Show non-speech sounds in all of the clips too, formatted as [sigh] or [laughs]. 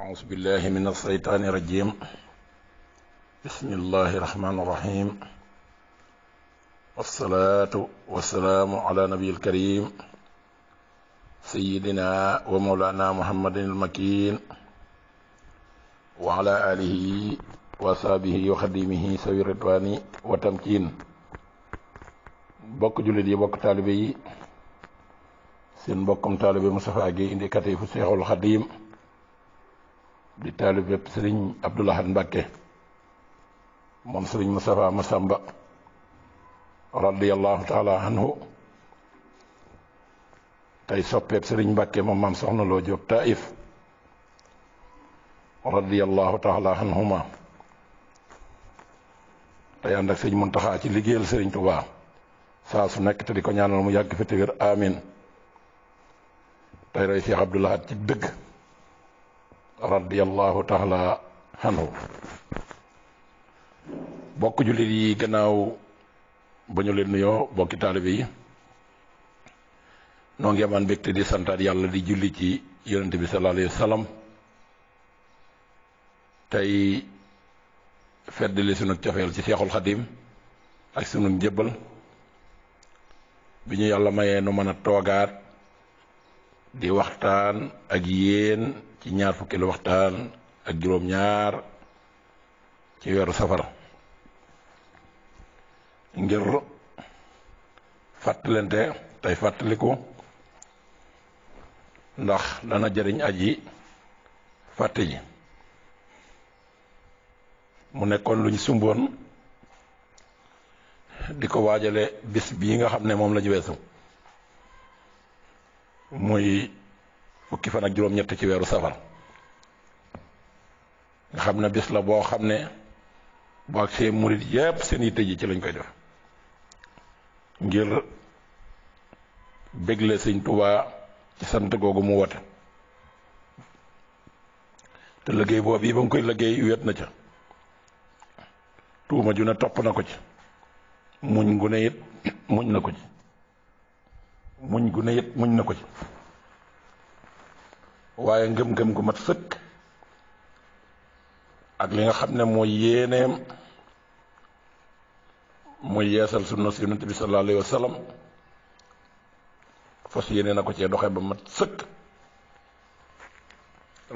أعوذ بالله من الشيطان الرجيم بسم الله الرحمن الرحيم والصلاة والسلام على نبي الكريم سيدنا ومولانا محمد المكين وعلى آله وصحبه وخديمه سوي الرضوان وتمكين bokk jullit yi bokk taalibe yi seen mbokkum taalibe Moustapha Gueye indi katifu Seexul Xadiim di taalibeb sëriñ Abdou Lahad moom sëriñ Moustapha Massamba radiyallahu taala anhu tey soppeeb sëriñ Mbacke moom maam soxna loo Jóob Taif radiyallahu taala anhuma tey ànd ak sëñ Muntaxa ci liggéeyal sëriñ Tuubaa saa su nekk te di ko mu yàgg fi te amin tey roy Cheikh Abdou ci dëgg radiyallahu taala anhu bokk jullit yi gannaaw bañu ñu leen nuyoo bokki taalibe yi noo ngi amaan mbégte di santaat yàlla di julli ci yonent bi sallallahu alayhi wa sallam tey sunu cofeel ci seexul xadim ak sunu njëbbal bi ñu yàlla mayee nu mën toogaat di waxtaan ak yéen ci ñaar fukki waxtaan ak juróom-ñaar ci weeru safar ngir fàttalante tey fàttaliku ndax dana jëriñ aji fàtte ji mu nekkoon luñ sumboon di ko waajale bis bii nga xam ne moom lañu ñu weesu muy fukki fan ak juróom-ñett ci weeru safar nga xam ne bis la boo xam ne boo ak seen murit yépp seen yitte ji ci lañ koy def ngir bégle sëñ Tuubaa ci sant googu mu wote te liggéey boobu yi ba mu koy liggéey wet na ca tuuma ju ne topp na ko ci muñ gu yit muñ na ko ci muñ gu ne muñ na ko ci waaye ngëm-ngëm gu mat sëkk ak li nga xam ne mooy yéeneem muy yeesal sunna si yonent bi sallallahu alayhi wa sallam fas na ko cee doxe ba mat sëkk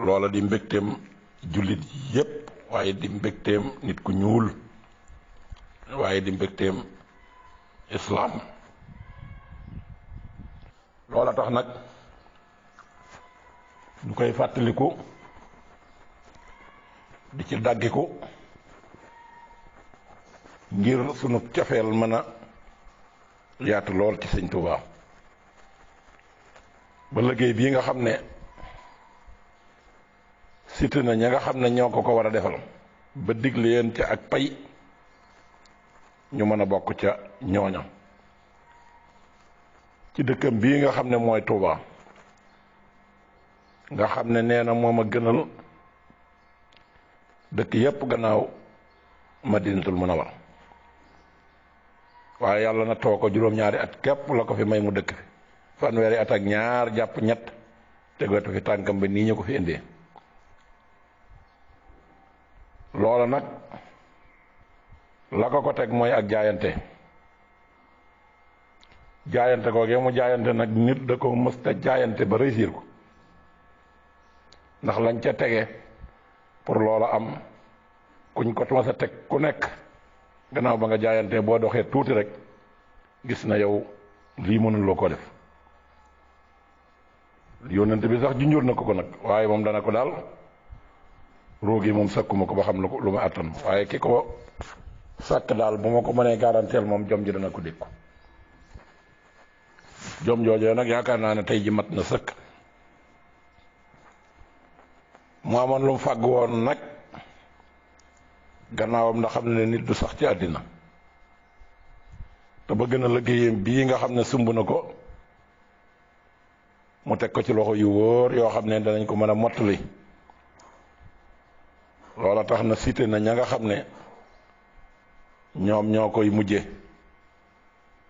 loola di mbégteem jullit yépp waaye di mbégteem nit ku ñuul waaye di mbégteem islaam loola tax nag ñu koy fàttaliku di ci dàggiku ngir sunu cofeel mën a yaatu lool ci sëñ Tuubaa ba liggéey bii nga xam ne site na ña nga xam ne ñoo ko ko war a defal ba digle yeen ca ak pay ñu mën a bokk ca ñooña ci dëkkam bii nga xam ne mooy Tuubaa nga xam ne nee na moom a gënal dëkk yépp gannaaw madinatul munawar waaye yàlla na too ko juróom-ñaari at képp la ko fi may mu dëkk fi fanweeri at ak ñaar jàpp ñett tegeetu fi tànkam bi nii ñu ko fi indee loola nag la ko ko teg mooy ak jaayante jaayante koogee mu jaayante nag nit da ko mës te jaayante ba réussir ko ndax lañ ca tege pour loola am kuñ ko mas sa teg ku nekk gannaaw ba nga jaayantee boo doxee tuuti rek gis na yow lii mënuloo ko def yónnent bi sax junjoon na ko ko nag waaye moom dana ko daal roogi moom sakkuma ko ba xam lu ko lu ma àttan waaye ki ko sàkk daal bu ma ko mënee garanteel moom jom ji dana ko dékku jom joojee nag yaakaar naa ne tey ji mat na sëkk mu amoon lu mu fàgg woon nag gannaawam ndax xam ne nit du sax ci àddina te bëgg na liggéeyam bii nga xam ne sumb na ko mu teg ko ci loxo yu wóor yoo xam ne danañ ko mën a mottali loola tax na cité na ña nga xam ne ñoom ñoo koy mujje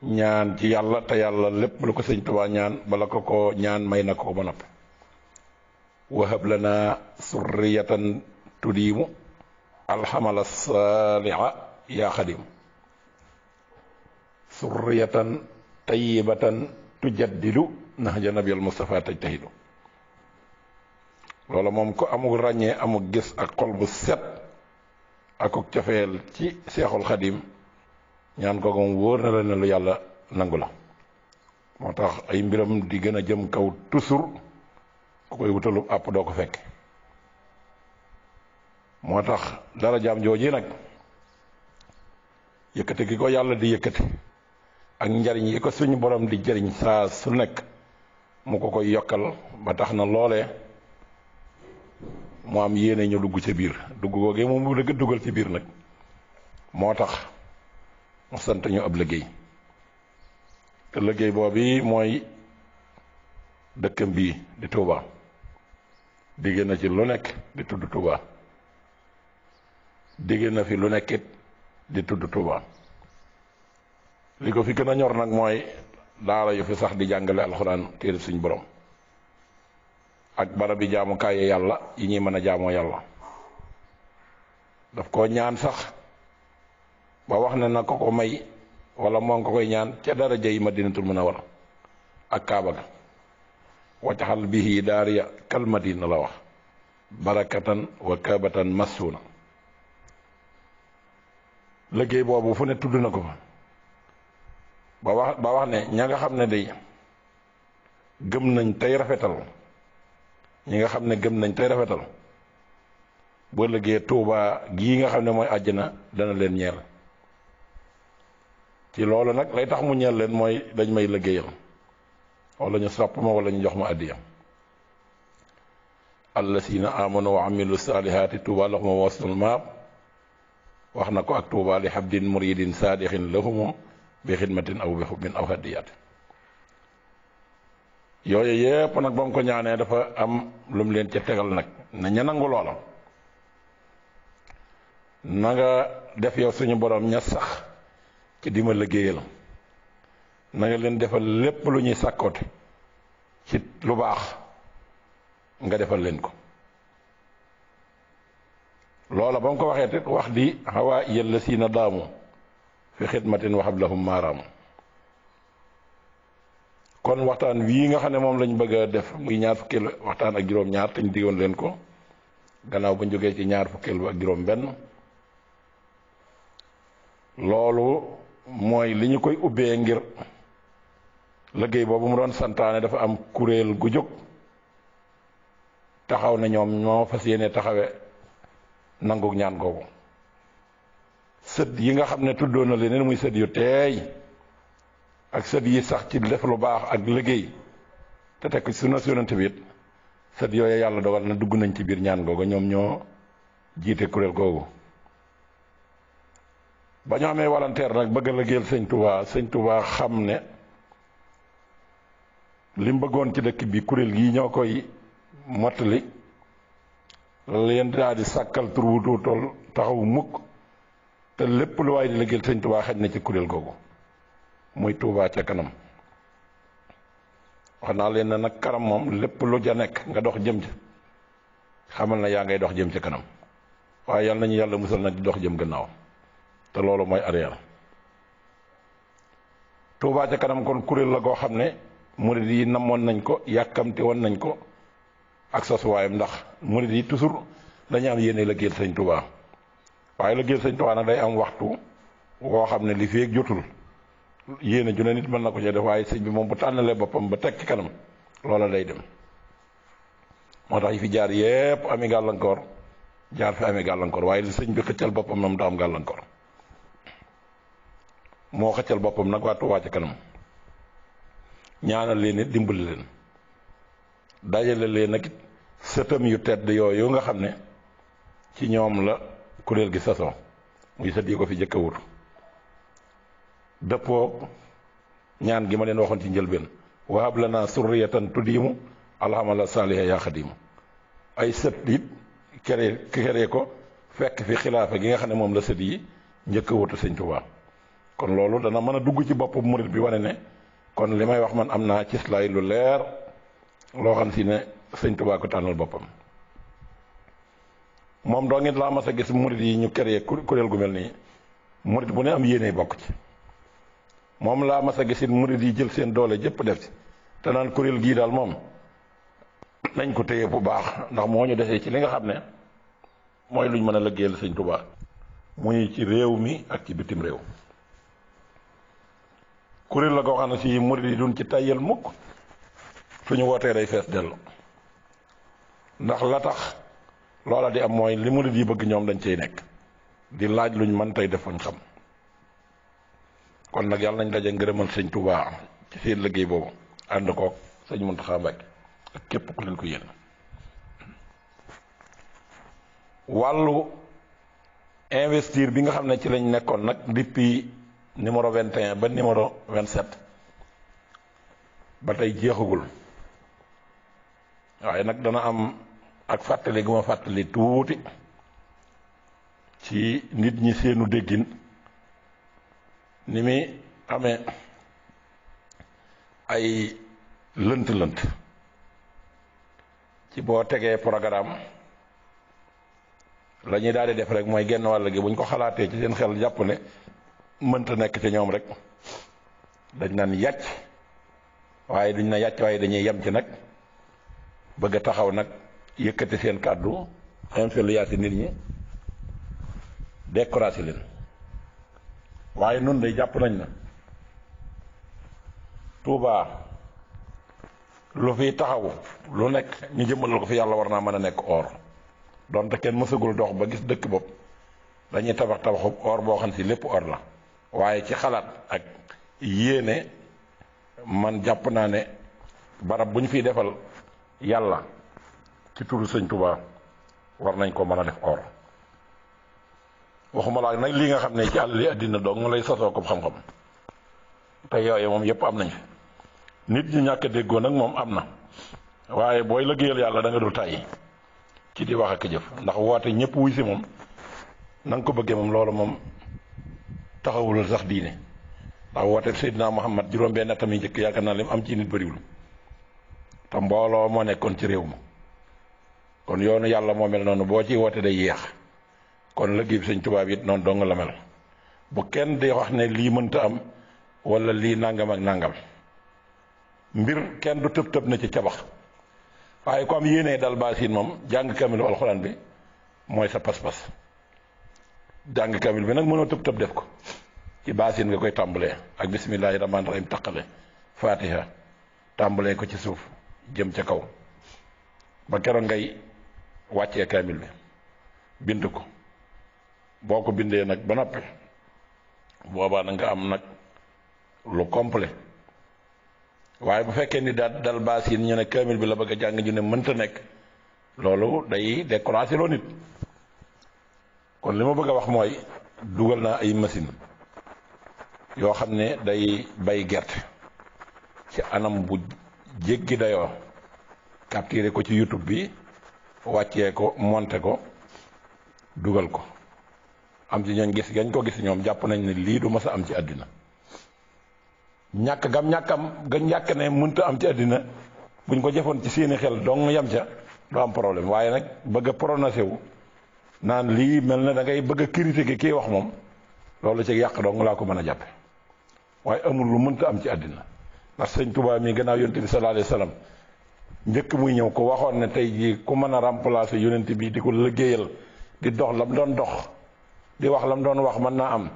ñaan ci yàlla te yàlla lépp lu ko sëñ Tuubaa ñaan bala ko ko ñaan may na ko ba noppi wahab lana surriyatan tudiimu alxamala saaliha yaa xadim surriyatan tayyibatan tujaddidu nahja nabiyal Mustafa tajtahidu loolu moom ku amul ràññee amul gis ak xol bu set ak ak cofeel ci seexul xadim ñaan ko moom wóor na la ne yàlla nangu la moo tax ay mbiram di gën a jëm kaw tusur ku koy wutalub àpp doo ko fekk moo tax dara jaam jooji nag yëkkati gi ko yàlla di yëkkati ak njariñ yi ko suñu borom di jëriñ saa su nekk mu ko koy yokkal ba tax na loole mu am yéene ñu dugg ci biir dugg googee moom mu dëgg dugal ci biir nag moo tax mu sant ñu ab liggéey te liggéey boobu mooy dëkkam bii di Touba digg na ci lu nekk di tudd Touba digg na fi lu nekkit di tudd Touba li ko fi gën a ñor nag mooy daara yu fi sax di jàngale alxuraan téere suñ borom ak barab bi jaamukaayu yàlla yi ñuy mën a jaamoo yàlla daf koo ñaan sax ba wax ne na ko ko may wala moo ngi ko koy ñaan ca daraja yi madinatul munawwara ak kaaba ga waccaxal bihi daariya kalmadina la wax barakatan wa kaabatan massuuna liggéey boobu fu ne tudd na ko fa ba wax ba wax ne ña nga xam ne day gëm nañ tey rafetal ñi nga xam ne gëm nañ tey rafetal boo liggéey tuubaa gii nga xam ne mooy àjjana dana leen ñeel ci loolu nag lay tax mu ñeel leen mooy dañ may liggéeyal wala ñu sopp ma wala ñu jox ma àddiyam allazina amanu wa amilu saalihaati tuubaa lahum wa wasnul maab wax na ko ak tuuba li xabdin muridin saadixin lahumo bi xidmatin aw bi xubbin aw hadiyat yooyu yépp nag ba mu ko ñaanee dafa am lu mu leen ca tegal nag na ña nangu loola def yow suñu boroom ña sax ci dima ma liggéeyal na leen defal lépp lu ñuy sàkkoote ci lu baax nga defal leen ko loola ba mu ko waxee te wax di xawaa iyal la siina daamu fi xidmatin waxab lahum maaraam kon waxtaan wii nga xam ne moom lañu bëgg def muy ñaar fukkeel waxtaan ak juróom-ñaar te diggoon leen ko gannaaw ba ñu jógee ci ñaar fukkeel ba ak juróom-benn loolu mooy li ñu koy ubbee ngir liggéey boobu mu doon santaane dafa am kuréel gu jóg taxaw na ñoom ñoo fas yéene taxawe nangu ñaan googu sët yi nga xam ne tuddoo na leneen muy sët yu teey ak sët yi sax ci def lu baax ak liggéey te teg su na yonent bi it sët yooyu yàlla dogal na dugg nañ ci biir ñaan googu ñoom ñoo jiite kuréel googu ba ñu amee volontaire nag bëgg a liggéeyal sëñ Touba sëñ Touba xam ne li bëggoon ci dëkk bi kuréel gii ñoo koy mott li lan la yéen daa di sàkkal tur wu du toll taxaw mukk te lépp lu waay di liggéeyal sëñ Tuubaa xaj na ci kuréel googu muy Tuubaa ca kanam wax naa leen ne nag karam lépp lu ja nekk nga dox jëm ca xamal na yaa ngay dox jëm ca kanam waaye yàlla nañu yàlla musal nag di dox jëm gannaaw te loolu mooy arrière Tuubaa ca kanam kon kuréel la goo xam ne mu murid yi namoon nañ ko yàkkamti woon nañ ko ak sasuwaayam ndax murid yi toujours dañu am yéene la géel sëñ Tuubaa waaye la géel sëñ Tuubaa nag day am waxtu woo xam ne li fi yëg jotul yéene ju ne nit mën na ko ci def waaye sëñ bi moom bu tànnalee boppam ba teg kanam loola day dem moo tax yi fi jaar yépp ami gàllankoor jaar fi amee gàllankoor waaye li sëñ bi xëccal boppam moom du am gàllankoor moo xëccal boppam nag waa Tuubaa ca kanam ñaanal leen it dimbali leen dajale leen nag it sëtam yu tedd yooyu nga xam ne ci ñoom la kuréel gi sasoo muy sët yi ko fi jëkk a dëppoo ñaan gi ma leen waxoon ci njëlbeen wahab lana surriyatan tuddiimu alhamala saaliha yaa xadiimu ay sët it kere kere ko fekk fi xilaafa gi nga xam ne moom la sët yi njëkk a wutu sëñ Tuubaa kon loolu dana mën a dugg ci boppam murit bi wane ne kon li may wax man am naa ci islaay lu leer loo xam si ne sëñ Tuubaa ko tànnal boppam moom doo ngeen laa mas a gis murit yi ñu créé kuréel gu mel nii murit bu ne am yéene bokk ci moom laa mas a gis it murit yi jël seen doole jëpp def ci te naan kuréel gii daal moom nañ ko téye bu baax ndax moo ñu defee ci li nga xam ne mooy luñ mën a lëggéeyal sëñ Tuubaa muy ci réew mi ak ci bitim réew kuréel la ko xam ne si murit yi duñ ci tayyal mukk ñu wootee day fees dellu ndax la tax loola di am mooy li murid yi bëgg ñoom dañ cey nekk di laaj luñ man tey defuñ xam kon nag yàlla nañ daje ngërëmal sëñ Touba ci seen liggéey boobu ànd koog sëñ Mountakha Mbacké ak képp ku leen ko yéen wàllu investir bi nga xam ne ci lañ nekkoon nag depuis numéro 21 ba numéro 27 ba tey jeexagul. waaye nag dana am ak fàttali gu ma fàttali tuuti ci nit ñi seenu déggin ni muy amee ay lënt-lënt ci boo tegee programme lañuy ñuy daal di def rek mooy genn wàll gi bu ñu ko xalaatee ci seen xel jàpp ne mënta nekk ci ñoom rek dañ naan yàcc waaye duñ na yàcc waaye dañuy yem ci nag bëgg a taxaw nag yëkkati seen kàddu influencer nit ñi découragé leen waaye noonu de jàpp nañ na Touba lu fi taxaw lu nekk ñu jëmmalal ko fi yàlla war naa mën a nekk or donte kenn mësagul dox ba gis dëkk bopp dañuy tabax tabaxu or boo xam si lépp or la waaye ci xalaat ak yéene man jàpp naa ne barab bu ñu fiy defal yàlla ci turu sëñ Touba war nañ ko mën a def or waxuma laa nag lii nga xam ne ci àll àddina doom nga lay sasoo ko xam-xam te yooyu moom yëpp am nañ nit ñi ñàkk déggoo nag moom am na waaye booy liggéeyal yàlla da nga dul tàyyi ci di wax ak jëf ndax woote ñëpp wuy si moom na ko bëggee moom loolu moom taxawul sax diine ndax woote Seydina Muhammad juróom-benn atam yi njëkk yaakaar naa am ci nit bëriwul. te mbooloo moo nekkoon ci réew ma kon yoonu yàlla moo mel noonu boo ciy woote day yéex kon liggéey bi sëñ tubaab it noonu dong la mel bu kenn di wax ne lii mënta am walla lii nangam ak nangam mbir kenn du tëb tëb na ci cabax waaye ko am yéene dal baasin moom jàng kamilu alxuraan bi mooy sa pas-pas jàng kamil bi nag mënoo tëb tëb def ko ci baasin nga koy tàmbalee ak bismillaahi rahmaani rahim taqale faatiha tàmbalee ko ci suuf jëm ca kaw ba keroog ngay wàccee kaamil bi bind ko boo ko bindee nag ba noppi boobaa na nga am nag lu complet waaye bu fekkee ni daal dal baas yi ñu ne kaamil bi la bëgg a jàng ñu ne mënta nekk loolu day décourager loo nit kon li ma bëgg a wax mooy dugal naa ay machine yoo xam ne day bay gerte ci anam bu jéggi dayoo capturé ko ci YouTube bi wàccee ko monté ko dugal ko am ci ñooñ gis gañ ko gis ñoom jàpp nañ ne lii du mës a am ci àddina ñàkk gam ñàkkam ga ñàkk ne mënta am ci àddina buñ ko jëfoon ci seeni xel dong yam ca du am problème waaye nag bëgg a prononcé wu naan lii mel na da ngay bëgg a critiquer kii wax moom loolu ci yàq dong laa ko mën a jàppe waaye amul lu mënta am ci àddina ndax sëñ Touba mii gannaaw yonent bi sallallahu alayhi wa sallam njëkk muy ñëw ko waxoon ne tey jii ku mën a remplacer yonent bi di ko liggéeyal di dox lam doon dox di wax lam doon wax mën naa am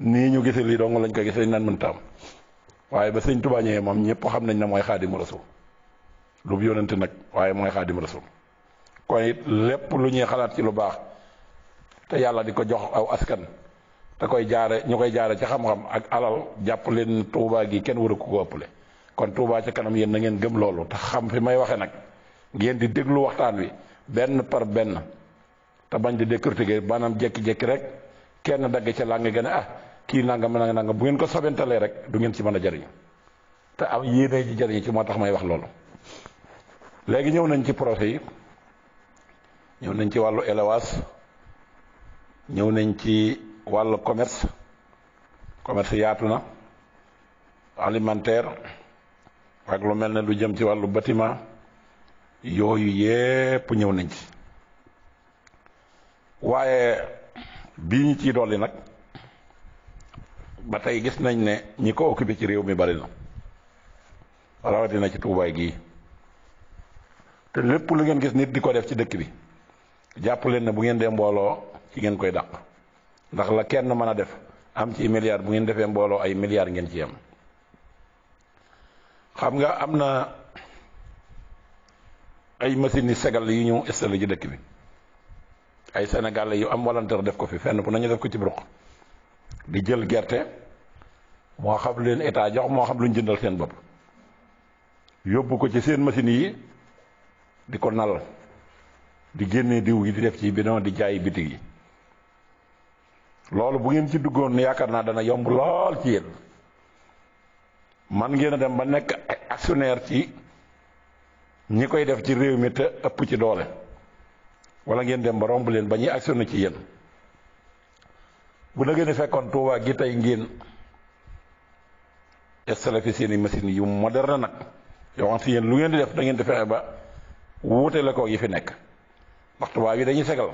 nii ñu gisee lii dong lañ ko gisee nan mënta am waaye ba sëñ Touba ñëwee moom ñëpp xam nañ ne mooy xaadimu rasul lu yonent nag waaye mooy xaadimu rasul kon it lépp lu ñuy xalaat ci lu baax te yàlla di ko jox aw askan te koy jaare ñu koy jaare ci xam-xam ak alal jàpp leen tuubaa gi kenn waru ko ko ëppale kon tuubaa ci kanam yéen na ngeen gëm loolu te xam fi may waxe nag ngeen di déglu waxtaan wi benn par benn te bañ di décortiquer maanaam jékki-jékki rek kenn dagg ca laa nga a ah kii nangam nangam nangam bu ngeen ko sobentalee rek du ngeen ci mën a jariñu te am yéene ji jariñu ci moo tax may wax loolu léegi ñëw nañ ci projet yi ñëw nañ ci wàllu élevage ñëw nañ ci wàll commerce commerce yaatu na alimentaire ak lu mel ne lu jëm ci wàllu batiment yooyu yépp ñëw nañ ci waaye bii ñu ciy dolli nag ba tey gis nañ ne ñi ko occupé ci réew mi bari na rawatina ci tuubaay gii te lépp lu ngeen gis nit di ko def ci dëkk bi jàpp leen na bu ngeen dee mbooloo ci ngeen koy dàq ndax la kenn mën a def am ci milliard bu ngeen defee mbooloo ay milliards ngeen ci am xam nga am na ay machines yi segal yu ñu installé ci dëkk bi ay sénégalais yu am volontaire def ko fi fenn fu nañu def ko ci broq di jël gerte moo xam leen état jox moo xam lu ñu jëndal seen bopp yóbbu ko ci seen machines yi di ko nal di génnee diw yi di def ci bidon di jaayi bitig yi loolu bu ngeen ci duggoon yaakaar naa dana yomb lool ci yéen man ngeen a dem ba nekk ay ci ñi koy def ci réew mi te ëpp ci doole walla ngeen dem ba romb leen ba ñuy actionné ci yéen bu dëggee ni fekkoon Tuubaa gi tey ngeen installé fi seeni machine yu moderne nag yoo xam si yéen lu ngeen di def da ngeen di fexe ba wuute la ko yi fi nekk ndax waa yi dañuy segal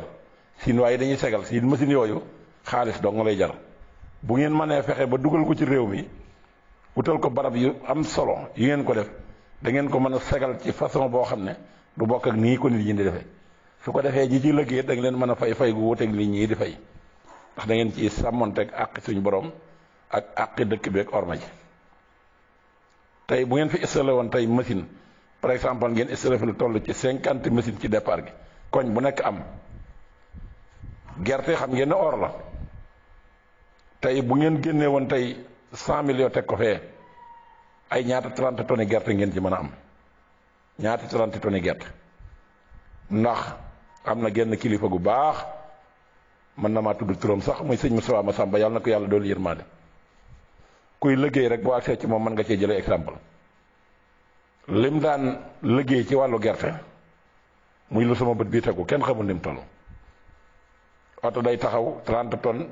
siin waa yi dañuy segal siin machine yooyu xaalis dong nga lay jar bu ngeen mënee fexe ba dugal ko ci réew mi wutal ko barab yu am solo yu ngeen ko def da ngeen ko mën a segal ci façon boo xam ne du bokk ak nii ko nit ñi di defee su ko defee ñi ci liggéey da nga leen mën a fay fay gu wuteeg nit ñi di fay ndax da ngeen ci teg àq suñu borom ak àq dëkk bi ak orma ji tey bu ngeen fi installé woon tey machine par exemple ngeen installé fi lu toll ci cinquante machine ci départ gi koñ bu nekk am gerte xam ngeen or la. tey bu ngeen génnee woon tey cent millions teg ko fee ay ñaata trente tonnes gerte ngeen ci mën a am ñaata trente tonnes gerte ndax am na genn kilifa gu baax mën na maa tudd turam sax muy sëñ Moussa Massamba yàlla na ko yàlla doolu yërmaande kuy liggéey rek boo agsee ci moom mën nga cee jëlee exemple lim daan liggéey ci wàllu gerte muy lu sama bët bii tegu kenn xamu ni mu oto day taxaw 30 tonnes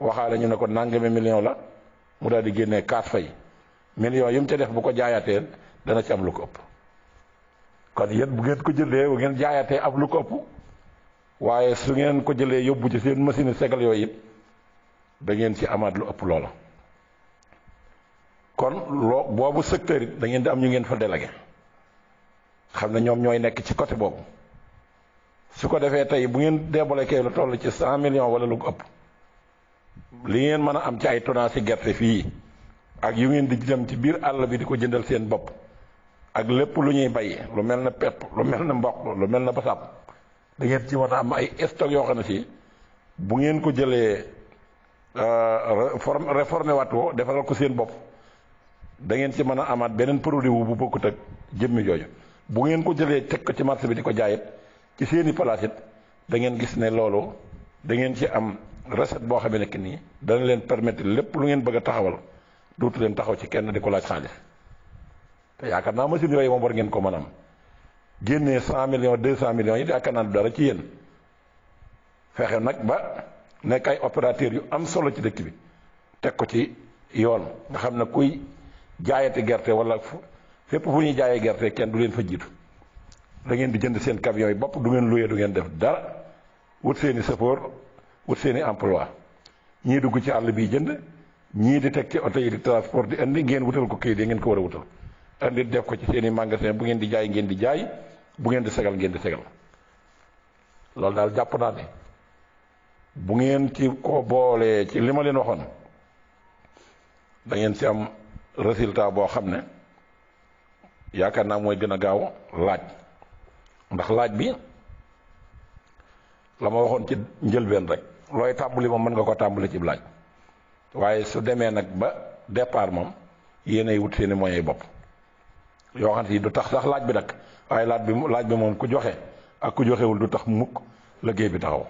waxaale ñu ne ko nangami million la mu daal di génnee kaat fay million yi mu ca def bu ko jaayaatee dana ci am lu ko ëpp kon yéen bu ngeen ko jëlee bu ngeen jaayaatee am lu ko ëpp waaye su ngeen ko jëlee yóbbu ci seen machine segal yooyu it da ngeen ci amaat lu ëpp loola kon loo boobu secteur it da ngeen di am ñu ngeen fa délégué xam ne ñoom ñooy nekk ci côté boobu su ko defee tey bu ngeen débloqué lu toll ci cent millions wala lu ko ëpp li ngeen mën a am ci ay tonnage gerte fii ak yu ngeen di dem ci biir àll bi di ko jëndal seen bopp ak lépp lu ñuy bay lu mel na pepp lu mel na mboq lu mel na basaab da ngeen ci war a am ay stock yoo xam ne si bu ngeen ko jëlee euh, réformé wat ko defaral ko seen bopp da ngeen ci mën a amaat beneen produit wu bu bokkut ak jëmmi jooju bu ngeen ko jëlee teg ko ci marché bi di ko jaayit ci seeni palaas it da ngeen gis ne loolu da ngeen ci am recette boo xamee ne que nii dana leen permettre lépp lu ngeen bëgg a taxawal dootu leen taxaw ci kenn di ko laaj xaalis te yaakaar naa machine yooyu moom war ngeen ko mën am génnee cent millions deux cent millions yi yaakaar naa dara ci yéen fexe nag ba nekk ay opérateurs yu am solo ci dëkk bi teg ko ci yoon nga xam ne kuy jaayati gerte wala fépp fu ñuy jaayee gerte kenn du leen fa jiitu da ngeen di jënd seen camion yi bopp du ngeen luyee du ngeen def dara wut seeni support wut seeni emploi ñii dugg ci àll bi jënd ñii di teg ci oto yi di transport di indi ngeen wutal ko kayit yi ngeen ko war a wutal indi def ko ci seeni magasin bu ngeen di jaay ngeen di jaay bu ngeen di segal ngeen di segal loolu daal jàpp naa ne bu ngeen ci ko boolee ci li ma leen waxoon dangeen ci am résultat boo xam ne yaakaar naa mooy gën a gaaw laaj ndax laaj bi la ma waxoon ci njëlbeen rek looy tàmbali moom mën nga ko tàmbali ci laaj waaye su demee nag ba départ moom yéenay wut seeni moyens bopp yoo xam ne si du tax sax laaj bi nag waaye laaj bi laaj bi moom ku joxe ak ku joxewul du tax mukk liggéey bi taxaw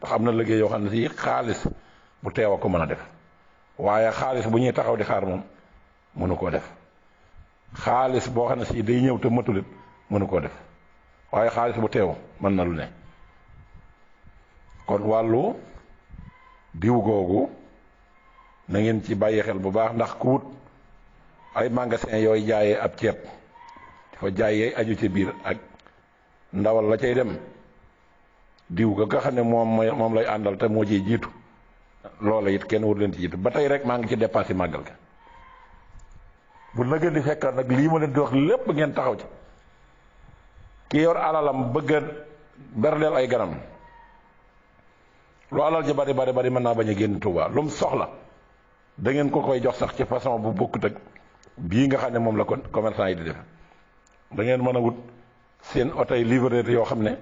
ndax am na liggéey yoo xam ne si xaalis bu teew a ko mën a def waaye xaalis bu ñuy taxaw di xaar moom mënu koo def xaalis boo xam ne si day ñëw te matulit mënu koo def waaye xaalis bu teew mën na lu ne kon wàllu diw googu na ngeen ci bàyyi xel bu baax ndax ku wut ay magasin yooyu jaayee ab ceeb di ko jaayee aju ci biir ak ndawal la cay dem diw ga nga xam ne moom moom lay àndal te moo ci jiitu loola it kenn war leen ci jiitu ba tey rek maa ngi ci dépassé màggal ga bu nëgën di fekkaat nag lii ma leen di wax lépp ngeen taxaw ci ki yor alalam bëgg a berndeel ay ganam lu alal ji bari bari bari mën naa bañ a génn Touba lu mu soxla da ngeen ko koy jox sax ci façon bu bokkut ak bii nga xam ne moom la kon commerçant yi di def da mën a wut seen oto yi yoo xam ne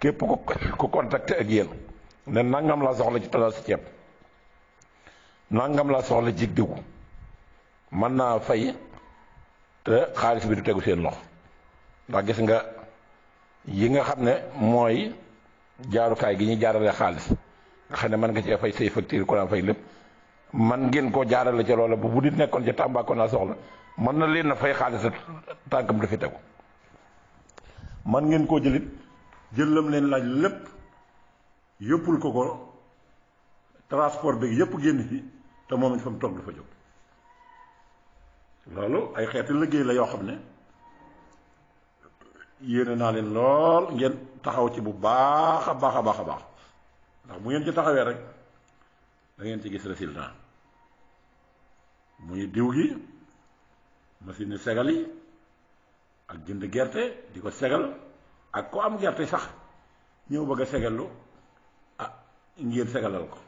képp ku ku contacté ak yéen ne nangam laa soxla ci tonal si ceeb nangam laa soxla ci diw mën naa fay te xaalis bi du tegu seen lox ndax gis nga yi nga xam ne mooy. jaarukaay gi ñuy jaarale xaalis nga xam ne man nga cee fay say facture courant fay lépp man ngeen koo jaarale ca loola bu bu di nekkoon ca Tambacounda soxla mën na leen na fay xaalis tànkam dafi tegu man ngeen koo jëlit jëlam leen laaj lépp yëppul ko ko transport bi yëpp génn ci te moom it fa mu toog dafa jóg loolu ay xeeti liggéey la yoo xam ne yéene naa leen lool ngeen taxaw ci bu baax a baax a baax a baax ndax bu ngeen ci taxawee rek da ngeen ci gis résultat muy diw gi machine ni segal yi ak jënd gerte di ko segal ak ku am gerte sax ñëw bëgg a segallu ah ngeen segalal ko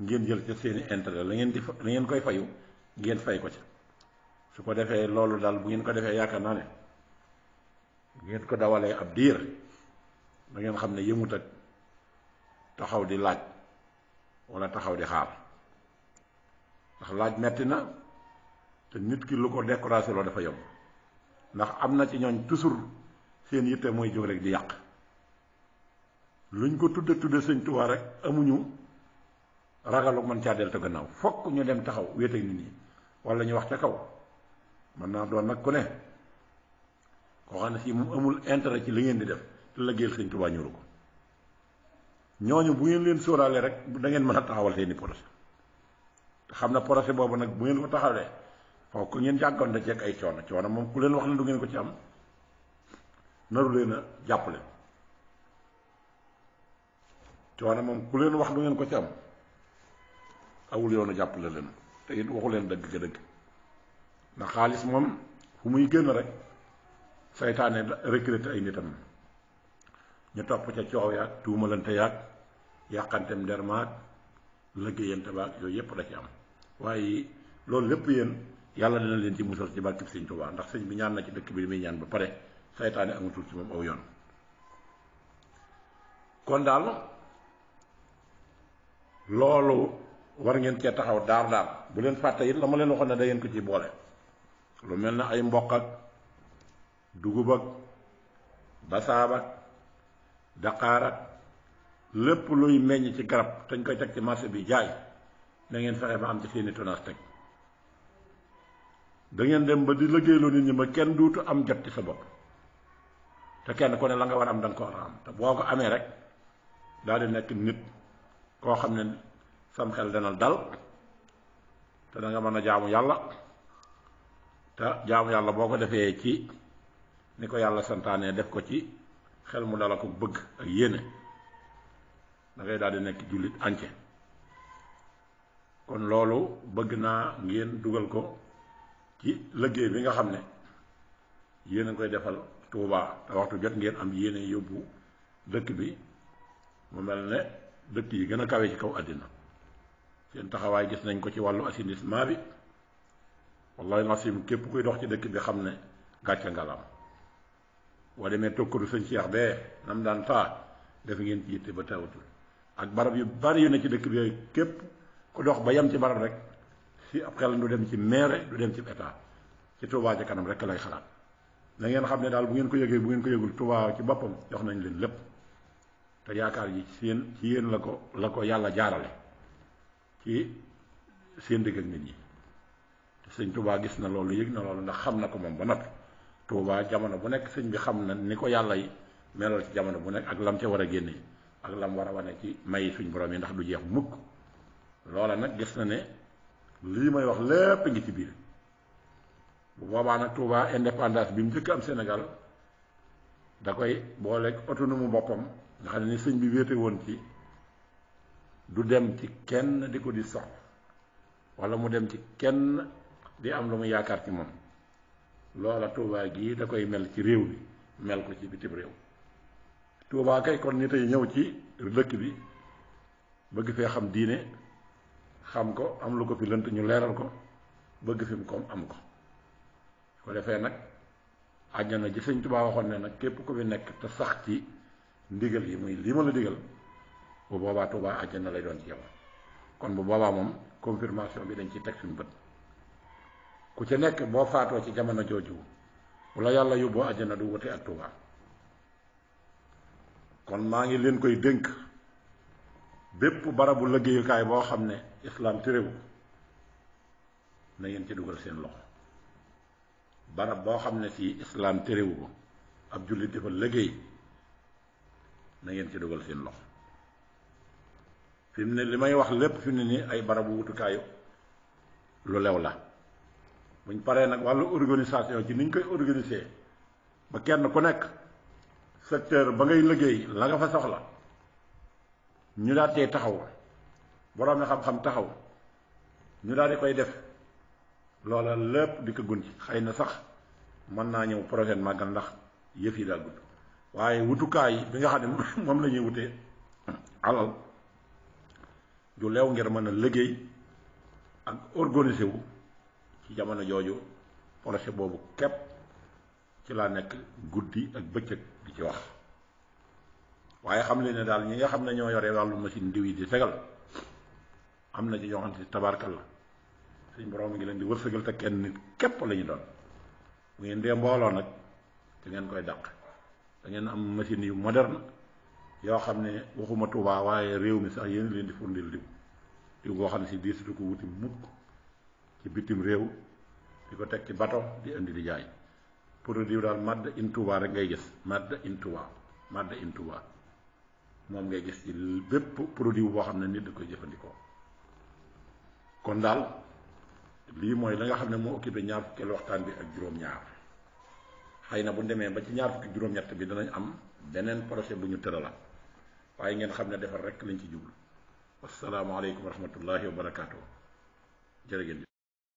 ngeen jël ca seeni intérêt la ngeen di la ngeen koy fayu ngeen fey ko ca su ko defee loolu daal bu ngeen ko defee yaakaar naa ne ngeen ko dawalee ab diir da ngeen xam ne yëmut ak taxaw di laaj walla taxaw di xaar ndax laaj metti na te nit ki lu ko découragé loo dafa yomb ndax am na ci ñooñ toujours seen yitte mooy jóg rek di yàq luñ ko tudde tudde sëñ Tuubaa rek amuñu ragalu mën caa dellu gannaaw fokk ñu dem taxaw wéet ak nit ñi walla ñu wax ca kaw mën naa doon nag ko ne koo xam ne si moom amul intérêt ci li ngeen di def la liggéeyal sëñ Tuubaa ñoru ko ñooñu bu ngeen leen sóoraale rek da ngeen mën a taxawal seeni projet te xam na projet boobu nag bu ngeen ko taxawlee foo ko ngeen jànkoonte ci ak ay coono coono moom ku leen wax ne du ngeen ko ci am naru leen a jàppale coono moom ku leen wax du ngeen ko ci am awul yoonu jàppale leen te it waxu leen dëgg ka dëgg ndax xaalis moom fu muy génn rek seytaane recruté ay nitam ñu topp ca coow yaag tuumalante yaag yàqantem dermaag liggéeyante baag yooyu yépp la ci am waaye loolu lépp yéen yàlla dina leen ci musal ci barkib sëñ Tuubaa ndax sëñ bi ñaan na ci dëkk bi li ñaan ba pare saytaane amatul ci moom aw yoon kon daal loolu war ngeen cee taxaw daar daar bu leen fàtte it la ma leen waxoon ne da ngeen ko ci boole lu mel na ay mbokk ak dugub ak basaab daqaar lépp luy meññ ci garab te ñu koy teg ci marché bi jaay na ngeen fexe ba am ci seeni tonnage teg da ngeen dem ba di liggéeyloo nit ñi ma kenn duutu am jot ci sa bopp te kenn ku ne la nga war am da ko war a am te boo ko amee rek daal di nekk nit koo xam ne sam xel dana dal te danga mën a jaamu yàlla te jaamu yàlla boo ko defee ci ni ko yàlla santaane def ko ci xel mu dala ko bëgg ak yéene da ngay daal di nekk jullit ance kon loolu bëgg naa ngeen dugal ko ci liggéey bi nga xam ne yéen a koy defal Touba te waxtu jot ngeen am yéene yóbbu dëkk bi mu mel ne dëkk yi gën a kawe ci kaw àddina seen taxawaay gis nañ ko ci wàllu assainissement bi wallahi nasim képp koy dox ci dëkk bi xam ne gàcce ngalam boo demee ko tokkaru sëñ Cheikh bee nam daan taa def ngeen ci yitte ba tawatul ak barab yu bari yu ne ci dëkk bi yooyu képp ku dox ba yem ci barab rek si ab xelam du dem ci maire du dem ci état ci Touba ca kanam rek lay xalaat na ngeen xam ne daal bu ngeen ko yëgee bu ngeen ko yëgul Touba ci boppam jox nañ leen lépp te yaakaar yi ci yéen ci yéen la ko la ko yàlla jaarale ci seen digg ak nit ñi te sëñ Touba gis na loolu yëg na loolu ndax xam na ko moom ba noppi Touba jamono bu nekk sëñ bi xam na ni ko yàlla yi melal ci jamono bu nekk ak lam ca war a génnee ak lam war a wane ci may suñ borom yi ndax du jeex mukk loola nag gis na ne lii may wax lépp ngi ci biir bu boobaa nag Touba indépendance bi mu njëkk am senegal da koy booleeg autonome boppam nga xam ne ni sëñ bi wéete woon ci du dem ci kenn di ko di sox wala mu dem ci kenn di am lu mu yaakaar ci moom loola tuubaa gii da koy mel ci réew mi mel ko ci bitim réew tuubaa kay kon nit yi ñëw ci dëkk bi bëgg fee xam diine xam ko am lu ko fi lënt ñu leeral ko bëgg fi mu am ko ko defee nag àjjana ji sëñ Tuubaa waxoon ne nag képp ku fi nekk te sax ci ndigal yi muy lii ma la digal bu boobaa Tuubaa àjjana lay doon ci kon bu boobaa moom confirmation bi dañ ci teg suñu bët ku ci nekk boo faatoo ci jamono jooju wala yàlla yóbboo àjjana du wuti ak Tuuba kon maa ngi leen koy dénk bépp barabu liggéeyukaay boo xam ne islaam téréwu na ngeen ci dugal seen loxo barab boo xam ne ci islaam téréwu jullit liggéey na ngeen ci dugal seen loxo fi mu ne li may wax lépp fi mu ne nii ay barabu wutukaayu lu lew la buñ paree nag wàllu organisation ci niñ koy organiser ba kenn ku nekk secteur ba ngay liggéey la nga fa soxla ñu daal tee taxaw boroomi xam-xam taxaw ñu daal di koy def loola lépp di ko gun ci xëy na sax mën naa ñëw projet màggal ndax yëf yi daal gudd waaye wutukaay bi nga xam ne [laughs] moom la ñuy wutee [laughs] alal ju leew ngir mën a liggéey ak organiser wu ci jamono jooju projet boobu képp ci laa nekk guddi ak bëccëg di ci wax waaye xam leen ne daal ñi nga xam ne ñoo yore lu machine diw yi di tegal am na ci ñoo xam ne tabaarkal la suñ borom ngi leen di wërsëgal te kenn nit képp lañu doon mu ngeen dee mbooloo nag da ngeen koy dàq da am machine yu moderne yoo xam ne waxuma Tuubaa waaye réew mi sax yéen leen di fournil diw diw goo xam ne si diir si ko wuti mukk ci bitim réew di ko teg ci bato di indi di jaay produit daal Madda in rek ngay gis Madda in Touba Madda in Touba moom ngay gis ci bépp produit boo xam ne nit da koy jëfandikoo kon daal lii mooy la xam ne moo occupé ñaar fukkeelu waxtaan bi ak juróom-ñaar xëy na bu demee ba ci ñaar fukki juróom-ñett bi danañ am beneen projet bu ñu la waaye ngeen xam ne defar rek lañ ci jublu asalaamaaleykum wa rahmatullahi wa barakaatu jërë ngeen